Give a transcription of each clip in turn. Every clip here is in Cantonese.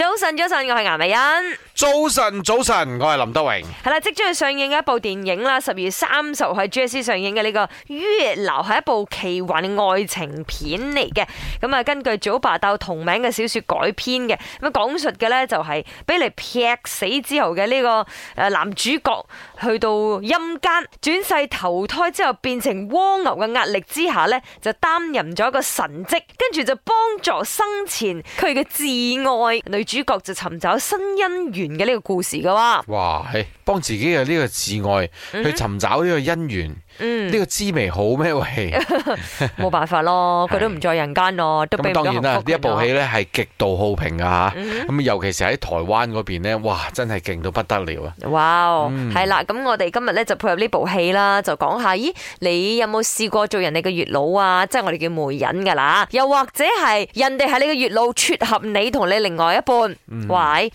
早晨，早晨，我係顏麗欣。早晨，早晨，我係林德榮。係啦，即將要上映嘅一部電影啦，十二月三十號喺 GSC 上映嘅呢、這個《月老》，係一部奇幻愛情片嚟嘅。咁啊，根據九把刀同名嘅小說改編嘅，咁講述嘅咧就係俾你劈死之後嘅呢個誒男主角，去到陰間轉世投胎之後，變成蝸牛嘅壓力之下咧，就擔任咗一個神職，跟住就幫助生前佢嘅摯愛女主角就尋找新姻緣嘅呢個故事嘅話，哇，係幫自己嘅呢個摯愛去尋找呢個姻緣，嗯，呢個滋味好咩？喂，冇辦法咯，佢都唔在人間咯。咁當然啦，呢一部戲咧係極度好評啊吓，咁尤其是喺台灣嗰邊咧，哇，真係勁到不得了啊！哇，係啦，咁我哋今日咧就配合呢部戲啦，就講下，咦，你有冇試過做人哋嘅月老啊？即係我哋叫媒人噶啦，又或者係人哋係你嘅月老撮合你同你另外一部。喂、嗯，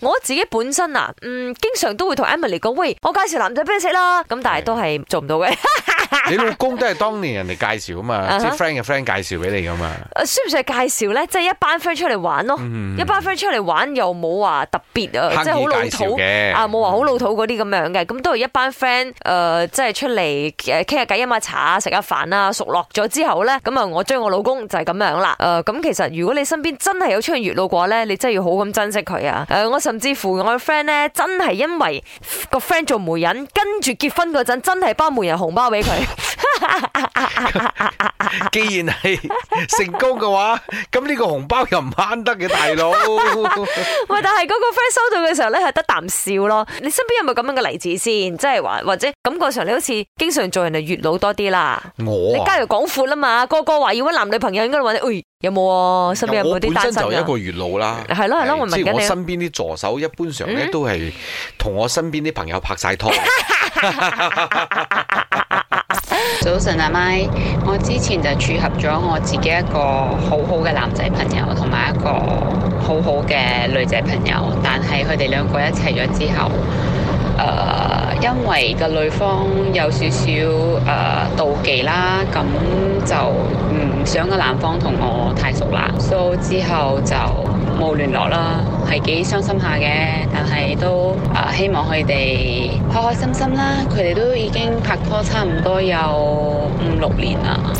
我自己本身啊，嗯，經常都會同 Emily 講喂，我介紹男仔俾你識啦，咁但係都係做唔到嘅。 你老公都係當年人哋介紹啊嘛，uh -huh. 即係 friend 嘅 friend 介紹俾你噶嘛？誒、啊，算唔算係介紹咧？即、就、係、是、一班 friend 出嚟玩咯，mm -hmm. 一班 friend 出嚟玩又冇話特別、mm -hmm. mm -hmm. 啊，即係好老土啊，冇話好老土嗰啲咁樣嘅。咁都係一班 friend 誒，即、呃、係、就是、出嚟誒傾下偈，飲下茶，食下飯啊，熟落咗之後咧，咁啊，我追我老公就係咁樣啦。誒、呃，咁其實如果你身邊真係有出現月老嘅話咧，你真係要好咁珍惜佢啊。誒、呃，我甚至乎我嘅 friend 咧，真係因為個 friend 做媒人，跟住結婚嗰陣真係包媒人紅包俾佢。 既然係成功嘅話，咁呢個紅包又唔慳得嘅大佬。喂， 但係嗰個 friend 收到嘅時候咧，係得啖笑咯。你身邊有冇咁樣嘅例子先？即係話或者感覺上你好似經常做人哋月老多啲啦。我、啊、你交流廣闊啊嘛，個個話要搵男女朋友應該你，應該話誒有冇啊？身邊有冇啲單身就一個月老啦。係咯係咯，我，我身邊啲助手，一般上咧都係同、嗯、我身邊啲朋友拍晒拖。 早晨阿咪，Mike。我之前就撮合咗我自己一個好好嘅男仔朋友，同埋一個好好嘅女仔朋友，但係佢哋兩個一齊咗之後，誒、呃，因為個女方有少少誒妒忌啦，咁就唔想個男方同我太熟啦，所以之後就。冇聯絡啦，係幾傷心下嘅，但係都啊希望佢哋開開心心啦。佢哋都已經拍拖差唔多有五六年啦。